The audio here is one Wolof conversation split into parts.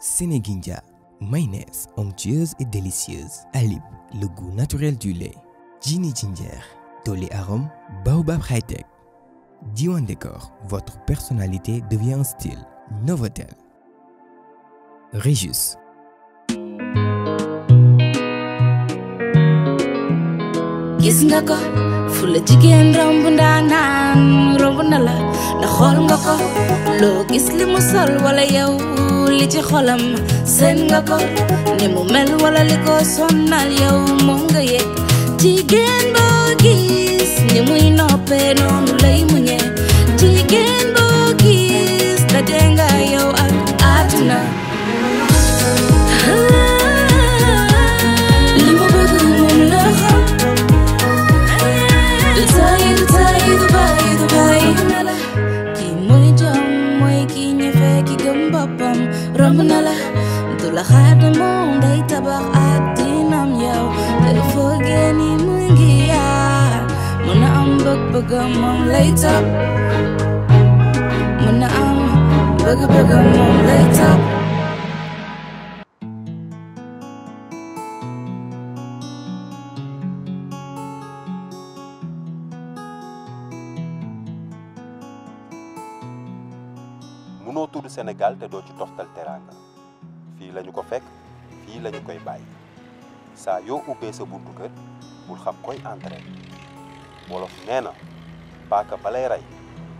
Sénéginja, mayonnaise onctueuse et délicieuse. Alib, le goût naturel du lait. Ginny Ginger, Tolé Arôme, Baobab Hightech. Diwan Décor, votre personnalité devient un style. Novotel. Régis, نخول نقا لو كسلي مصل ولا يو لجي خلم سن نقا نمو مل ولا لكو سنة اليوم مونغي تيجين بوغيس نمو ينوبي نوم لي مني تيجين بوغيس تدنغا يو أتنا Tell you, tell you the body criminal Toen lag haar de mond, deed tabak Adinam jou De vergeni mungia Muna am bug bugam mom later Muna am bug bugam mom later Sénégal te doo ci toftal teraanga fii lañu ko fekk fii lañu koy bàyyi saa yoo ubbee sa buntu kër bul xam koy entrée wolof nee na paaka balay rey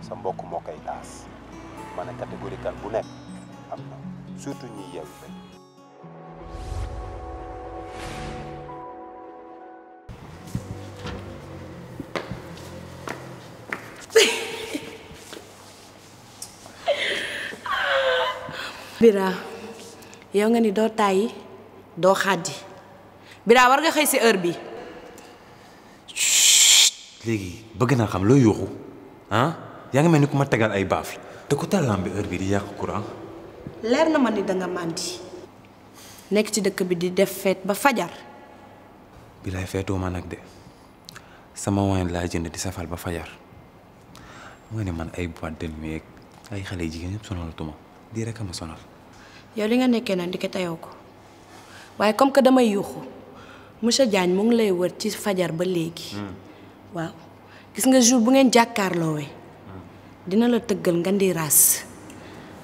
sa mbokk moo koy daas ma ne bu nekk am na surtout ñiy yew bira yow nga ni do tay do xadi bira war nga xey si heure bi léegi bëgg na xam lo ah ya nga melni kuma ku ay baaf te ku talam bi heure bi di yak courant leer na ma ni da nga mandi nek ci dëkk bi di def feet ba fajar bilaay feetuma nag de sama wayn la jënd di safal ba fajar nga man ay boîte de nuit ay xale jigéen sonal tuma di rek ma sonal yow li nga nekké nag ndikete tayo ko waye comme que damay yuxu monsieur Diagne mo ngi lay wër ci fajar ba léegi hmm. waaw gis nga jour bu ngeen jàkkaarloowee dina la tëggal nga ndi ras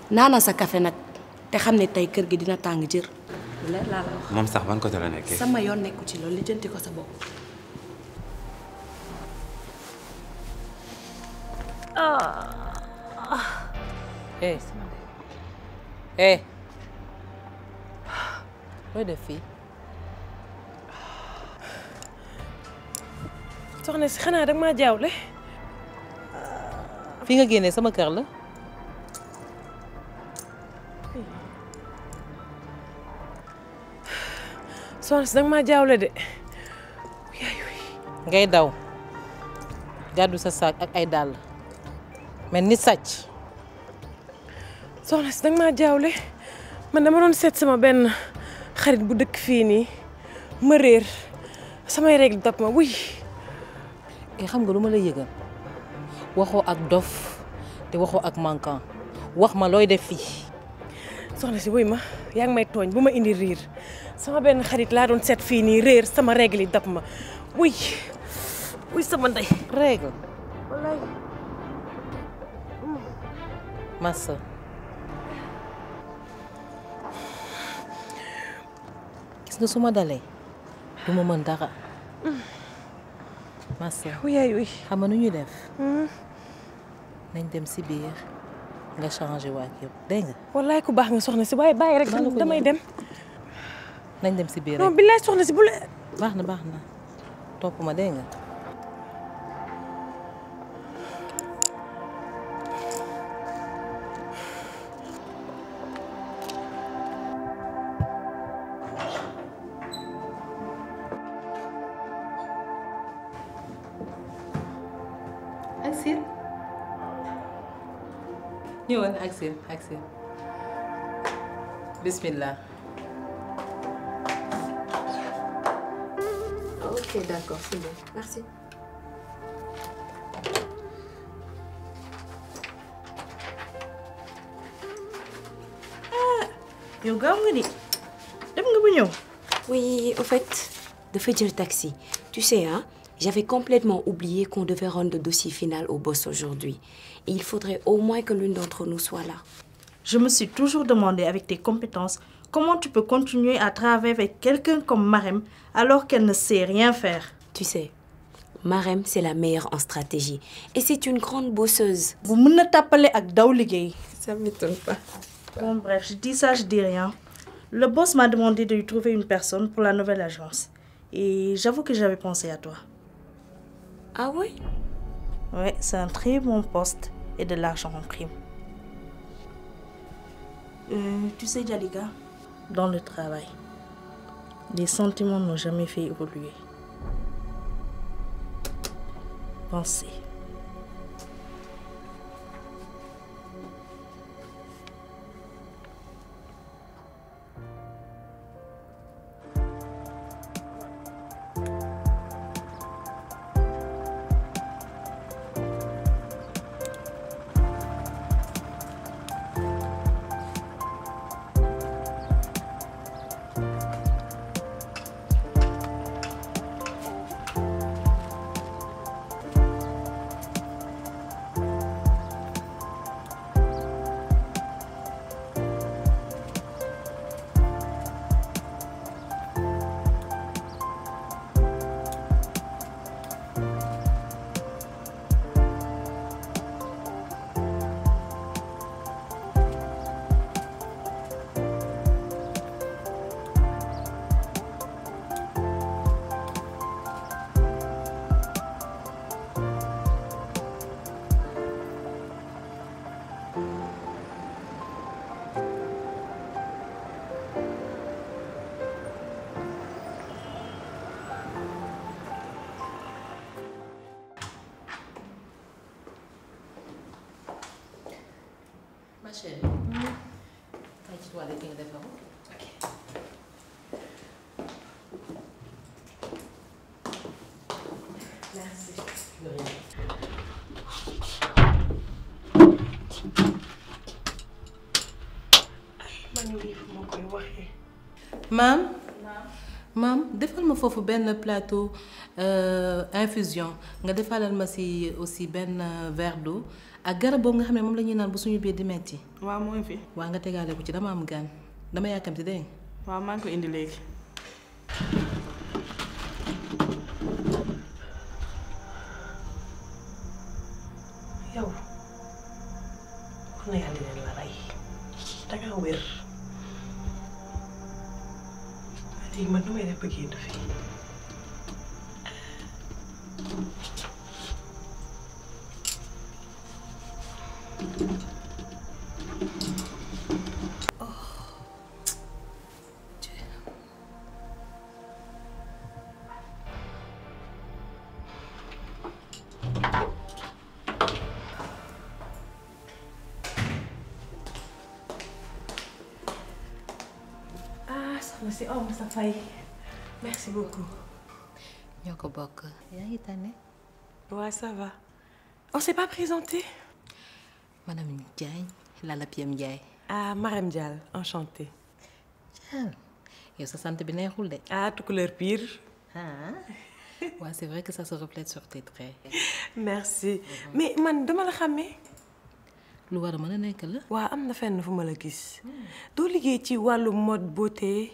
nana sa café nak té xamné tay kër gi dina tang jër la la wax moom sax ban côté la nekké sama yoon nekku ci loolu lijjanti ko sa bokk ah eh eh looy def fii. soxna xanaa danga maa jaawle. fii nga génnee sama kër la. soxna si danga maa jaawle de. ngay daw gàddu sa saak ak ay dàll mel ni sàcc. soxna si danga maa jaawle man dama doon seet sama benn. xarit bu dëkk fii nii ma réer samay règle dab ma wuy eh, xam nga lu ma la yëgal waxoo ak dof te waxoo ak manquant wax ma looy def fii soxna si wuy ma yaa ngi may tooñ bu ma indi riir sama benn xarit laa doon seet fii nii réer sama règle yi dab ma wuy wuy sama ndey règle gis nga su ma dalee du mas eu, dara. Massa xam nga nu ñuy def. nañ dem si biir nga changé waat yëpp dégg nga. wallaay ku baax nga soxna si waaye bàyyi rek damay dem. nañ dem si biir rek non billaay si bu na ma Axel? Axel, Axel. bismillah. ok d'accord c'est bon merci. Ah, yow gaaw nga ni nga ba oui au fait faire le taxi tu sais hein j'avais complètement oublié qu'on devait rendre le dossier final au boss aujourd'hui. Et il faudrait au moins que l'une d'entre nous soit là. Je me suis toujours demandé avec tes compétences comment tu peux continuer à travailler avec quelqu'un comme Marem alors qu'elle ne sait rien faire. Tu sais, Marem, c'est la meilleure en stratégie. Et c'est une grande bosseuse. Vous me t'appelez à Daouligay. Ça m'étonne pas. Bon, bref, je dis ça, je dis rien. Le boss m'a demandé de lui trouver une personne pour la nouvelle agence. Et j'avoue que j'avais pensé à toi. Ah oui Oui.. c'est un très bon poste et de l'argent en prime. Euh, tu sais, gars, dans le travail, les sentiments n'ont jamais fait évoluer. Pensez. maam maam defal ma foofu benn plateau euh, infusion nga defalal ma si aussi benn euh, verre d'eau ak garab boobu nga xam ne moom la ñuy naan bu suñu biir di metti waaw mooy fi. waaw nga tegaale ku ci dama am gan dama yàkkamti dégg waaw maa ngi ko indi léegi. merci oh ça fay merci beaucoup. ñoo Boko, bokk. yaa tane. ça va. on s'est pas présenté. madame Diagne Lala Piem ah Marème Dial enchantée. Dial ah, yow ça sant bien neexul Ah, ah couleur pire. ah Ouais, c'est vrai que ça se reflète sur tes traits. merci mhm. mais man dama la xàmmee. lu war a mën a la. waaw am na fenn fu ma la gis. Hmm. doo liggéey ci wàllu mode beauté.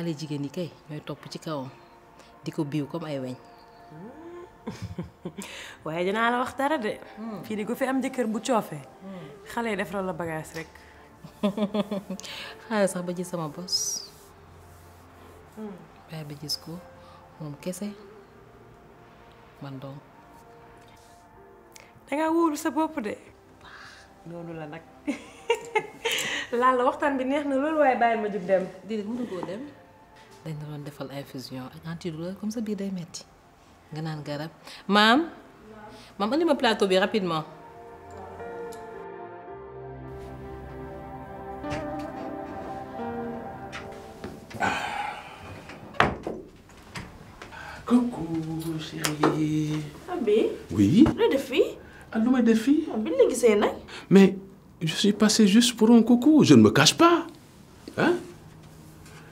xale jigéen yi kay ñoy top ci kaw diko biw comme ay wéñ waye dina la wax dara de hmm. fi di gu fi am jëkër bu ciofé hmm. xalé def la bagage rek sax ba gis sama bos bàyyi hmm. ba gis ko mom kese man da nga wóolu sa bop de nonu la nak la la waxtan bi neex na lol way ma dem ko dem dañ doon defal infusion ak antidouleur comme ça biir day metti nga naan garab maam maam andi ma plateau bi rapidement Coucou chérie. ben. Oui. Le défi ah lu défi def la gisee nag. mais je suis passé juste pour un coucou je ne me cache pas hein.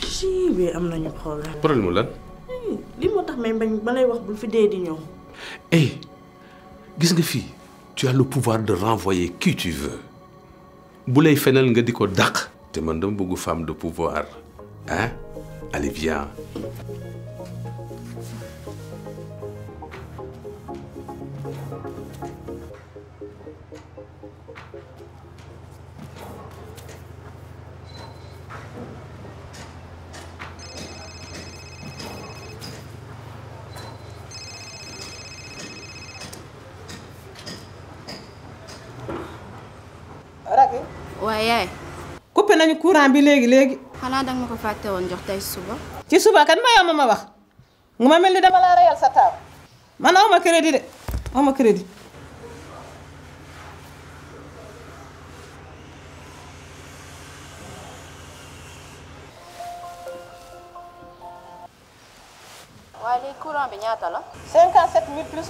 chii bi am nañu problème. problème mu lan. Hmm, lii moo tax may ba lay wax bul fi dee di ñëw. eh gis nga fii tu as le pouvoir de renvoyer qui tu veux bu lay fenal nga di ko dàq. te man dama bëgg femme de pouvoir Hein? allez viens. waaye yaay. coupé nañu courant bi léegi léegi. xanaa danga ma ko fàtte woon jox tey suba. ci suba kat ma yomb ma wax nga ma mel ni dama laa reyal sa taaw man ma crédit de crédit. waaye léegi bi ñaata la. 57 000 plus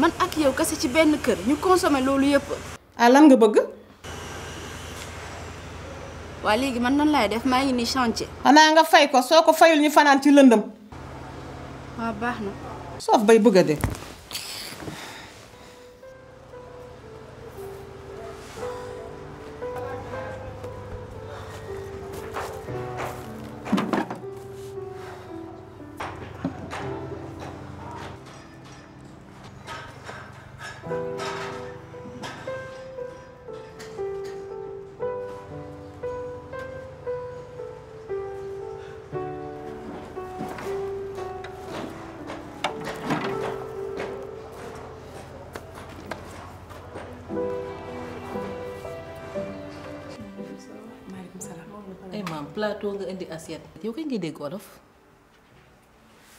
man ak yow kese ci benn kër ñu consommé loolu yëpp. ah lan nga bëgg. waa léegi man nan laay def maa ngi ni chantier. xanaa nga fay ko soo ko fayul ñu fanaan ci lëndëm. waaw baax na. soof bay bëgg a plateau nga indi assiette. yow kay ngay dégg olof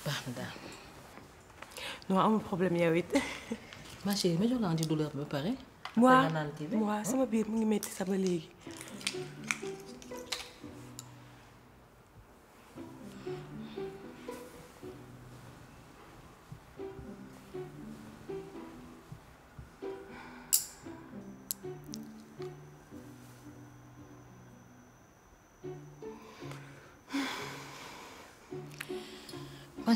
baax na daal. non amul problème yow it. ma chérie ma jox la antidouleur ba pare. waaw waaw sama biir mu ngi metti sama léegi.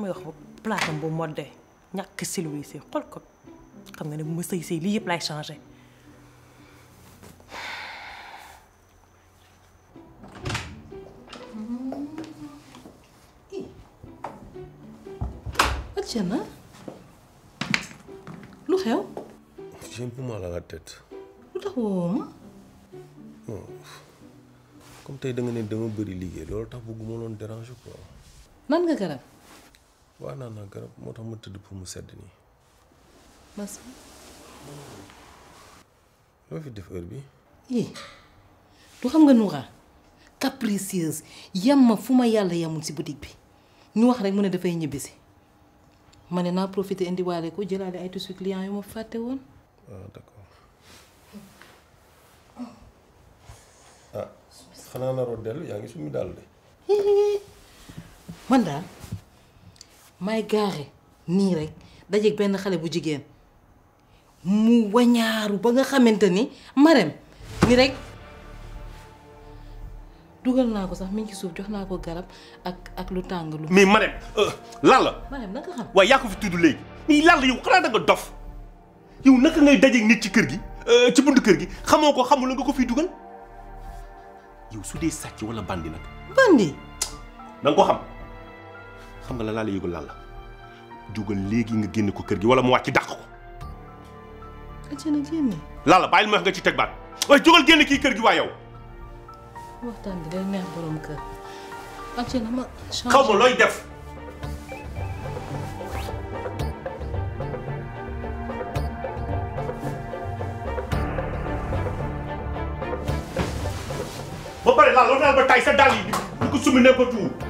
may wax platam bu modde ñak silouissé xol ko xam nga ne bu ma sëy sëy lay lu xew? J'ai un peu mal à la tête. Lu tax wooma? Comme tey da nga ne dama bëri liggéey, loolu tax bëgguma loon déranger quoi. nga garab? waaw naan naa garab moo tax ma tëdd pour mu sedd nii. mas fi def heure bi eh, du xam nga Noura capricieuse yam ma fu ma yàlla yamul si boutique bi ñu wax rek mu ne dafay ñibbisi ma ne naa profité indiwaale ko jëlaale ay tuuti client yu ma fàtte woon. waaw ah, d'accord ah xanaa naroo dellu yaa ngi suñu daal de. Eh, man daal. may gaare nii rek dajeeg benn xale bu jigéen mu wañaaru ba nga xamante ni marem ni rekk dugal naa ko sax mi ngi suuf jox naa ko garab ak ak lu tàng lu. mais marem euh, lan la. marem naka xam waaye yaa ko fi tudd léegi. mais lan yow xanaa da nga dof yow naka ngay dajeeg nit ci kër gi euh, ci buntu kër gi xamoo ko xamul nga ko fi dugal yow su dee sàcc wala bandi nag. bandi. na ko xam. xam nga la laa la yëgul lan léegi nga génn ko kër gi wala mu wàcc dàq ko. ajana génn. lan la bàyyi ma wax nga ci teg baat waaye jugal génn kii kër gi waa yow. waxtaan bi day neex borom kër. ajana ma. xaw ma looy def. ba pare lan loolu daal ba tay sa dàll yi di ko summi n'importe où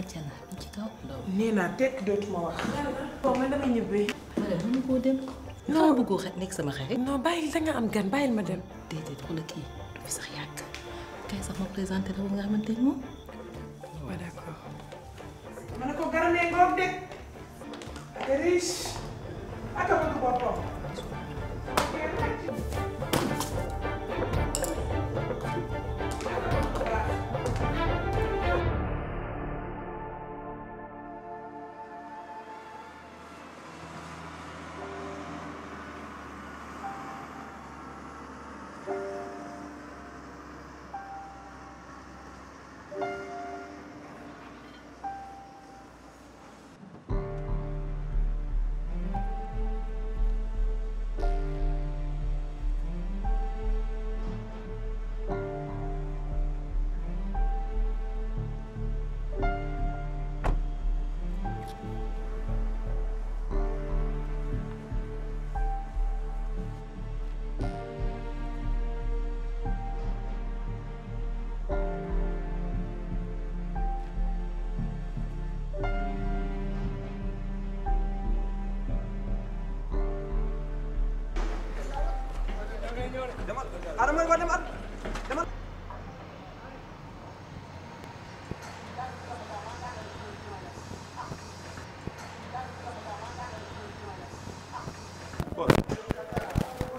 àjjana bi ci kaw. nee naa tekk dootuma wax. bon man dama ñibbi. wala mën koo dem. non bëggoo xet nekk sama xarit. non bàyyil da nga am gan bàyyil ma dem. déedéet ku la kii du fi sax yàgg kay sax ma présenté la ba nga xamante ni moom. waaw d'accord. ma ne ko garamee ngoog de. ak riche ak a bëgg boppam.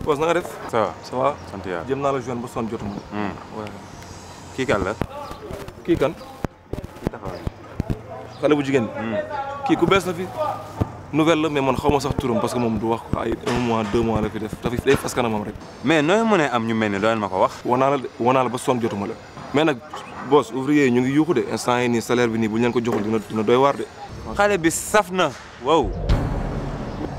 Pos na nga def. ça sant yàlla jëm naa la joindre ba son jotuma. Hmm. waaw kii kan la. kii kan. kii taxaw xale bu jigéen bi. Hmm. kii ku bees la fi. nouvelle la mais man xaw ma sax turam parce que moom du wax ko ay un mois deux mois la fi def dafay day fas kanamam rek. mais nooy mënee am ñu mel ni doon ma ko wax. wanaa la wanaa la ba sonn jotuma la. mais nag boss ouvrier yi ñu ngi yuuxu de instant yi nii salaire bi nii bu ñu ko joxul dina dina doy waar de. xale bi saf na waaw.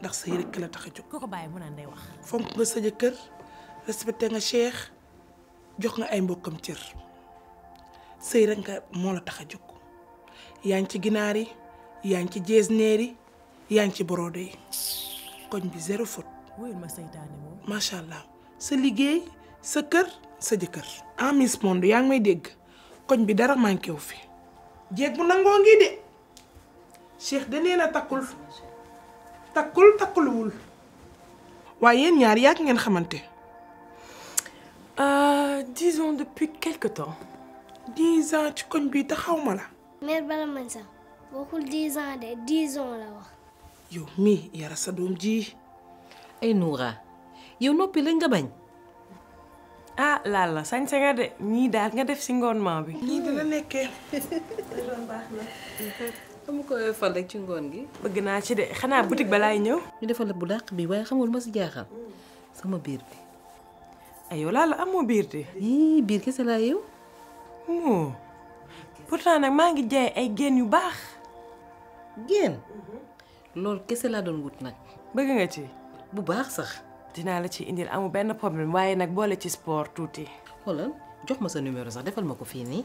ndax sëy rekk la tax a jóg. ku ko bàyyi mu naan wax. fonk nga sa jëkkër respecté nga Cheikh jox nga ay mbokkam cër sëy rekk nga moo la tax a jóg yaa ngi ci ginaar yi yaa ngi ci neer yi yaa ngi ci borode yi koñ bi zéro faute. wóyul ma seytaane macha allah sa liggéey sa kër sa jëkkër. en ah, Miss Monde yaa ngi may dégg koñ bi dara manqué wu fi. jéeg bu nangoo ngi de Cheikh da nee na takkul. takkul takkuluwul ñaar ngeen euh disons depuis quelque temps. 10 ans ci koñ bi te la. mère bala man sa 10 ans ans la wax. Yo, mii yara ji. ay Noura yow nga bañ. ah Lalla sa nga de ni daal nga def si bi. dama koy ci ngoon gi. bëgg naa ci de xanaa boutique ba laay ñëw. ñu defal la bu dàq bii waaye xamul ma si jaaxal sama biir bi. ay yow laa la amoo biir de. biir kese laa yow. moo pourtant nag maa ngi jaay ay génn yu baax. génn loolu kese laa doon wut nag. bëgg nga ci. bu baax sax. dinaa la ci indi amul benn problème waaye nag boole ci sport tuuti. xoolal jox ma sa numéro sax defal ma ko fii nii.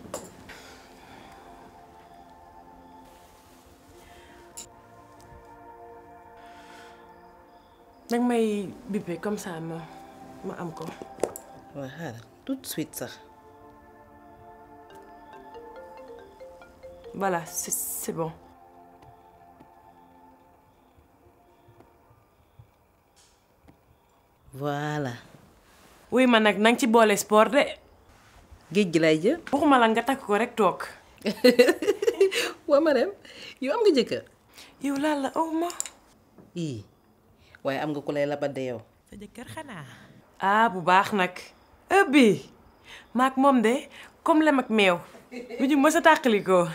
da nga may bippé comme ça ma ma am ko. waaw xaaral tout de suite ça. voilà c'est c'est bon. voilà. Oui, mais nag na nga ci boole sport de. géej gi lay jël. waxuma la nga takk ko rek toog. waa ma dem yow am nga jëkkër. yow laal la aw oh ma. ii. waaye am nga ku lay labade yow. sa xanaa. ah bu baax nag. ëbbi maak moom de comme lem ak meew. bu ñu mës a tàqali ah,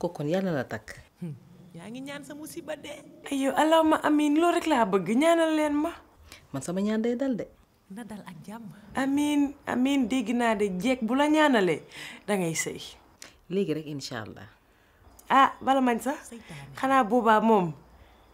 ko. yàlla la takk. Hmm, yaa ngi ñaan sa musiba de. aywa loolu rek laa bëgg ñaanal leen ma. man sama ñaan day dal de. na dal ak jàmm. amiin amiin dégg naa de jeeg bu la ñaanalee dangay sëy. léegi rek incha allah. ah bala mañ sax xanaa boobaa moom.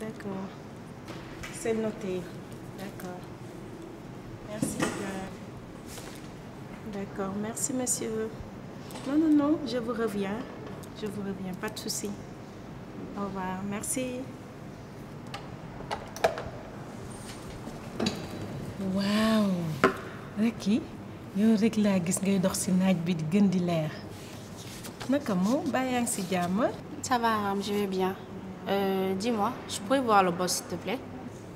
D'accord. C'est noté. D'accord. Merci. D'accord. Merci, monsieur. Non, non, non, je vous reviens. Je vous reviens, pas de souci. Au revoir. Merci. Wow. Ricky, yo rek la gis ngay dox ci naaj bi di gën di leer naka ça va je vais bien euh, Dis-moi, je pourrais voir le boss, s'il te plaît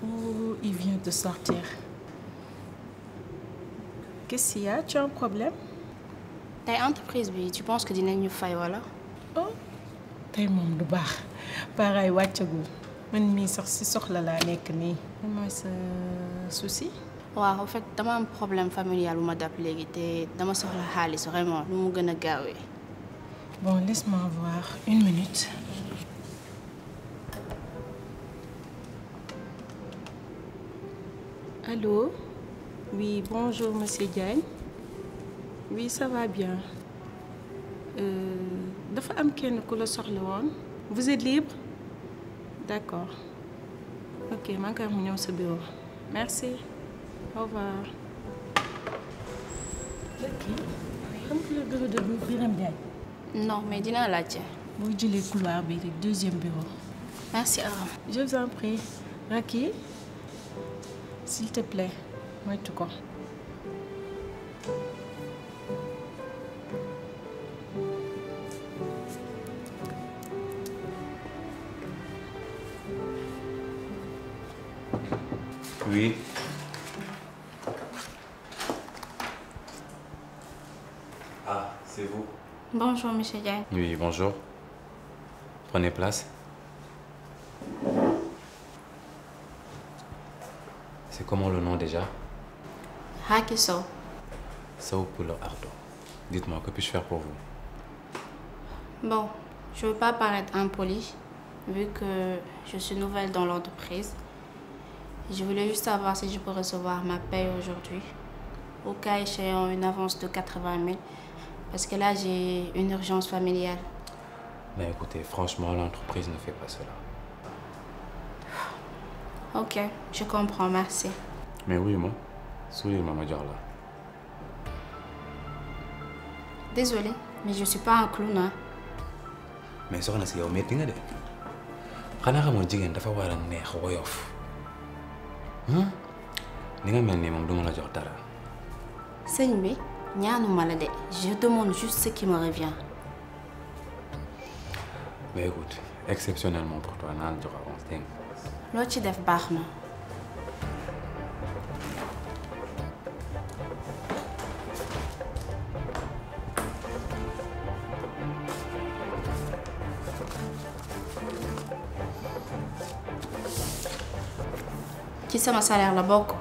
Oh, il vient de sortir. Qu'est-ce qu'il y a Tu as un problème Ta entreprise, tu penses que tu n'as pas fay wala oh tey moom du baax pareil Je man mii sax si soxla là, nekk nii. lan est ce souci. waaw en fait dama am problème familial bu ma dab léegi te dama soxla c'est vraiment nu mu gën bon laisse-moi voir une minute. Allô Oui, bonjour Monsieur Diagne. Oui, ça va bien. Euh, dafa am kenn ku la soxla woon. vous êtes libre d'accord ok maa ngi koy wax mu bureau merci au revoir. ok xam nga le bureau de Birame Diagne. non mais dinaa laajte. boo le couloir bi rek deuxième bureau. merci à Aram. je vous en prie Racky s'il te plaît tout quoi. Oui. Ah, c'est vous. Bonjour, Michel. Oui, bonjour. Prenez place. C'est comment le nom déjà Hakiso. Sao Pulo Ardo. Dites-moi, que puis-je faire pour vous Bon, je ne veux pas paraître impoli vu que je suis nouvelle dans l'entreprise. Je voulais juste savoir si je peux recevoir ma paye aujourd'hui, au cas échéant une avance de 80 000, parce que là j'ai une urgence familiale. Mais écoutez, franchement, l'entreprise ne fait pas cela. Ok, je comprends, merci. Mais oui, moi, souris, Maman Diarla. Désolée, mais je ne suis pas un clown. Hein? Mais ça, c'est un métier. xanaa xamoon un dafa war ne sais pas ni nga mel un moom Je la jox dara si bi ñaanuma la de je demande juste ce qui me revient mais écoute exceptionnellement pour toi naan jox avance dégg nga loo ci def sama salaire la bokk.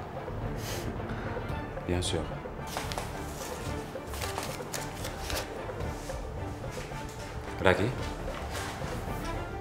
bien sûr. Racky.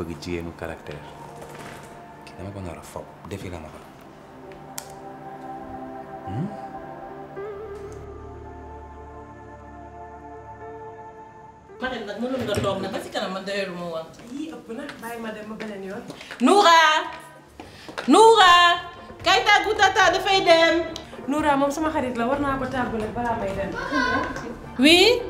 bëgg jigéenu caractère ki dama ko nar a fob defi la ma ko hmm? Marème nag mënoon nga toog nag ba ci kanam man doyul ma woon. yii ëpp na bàyyi ma dem ba beneen yoon. Noura Noura kay tàggu tata dafay dem. Noura moom sama xarit la war naa ko tàggale balaa may dem.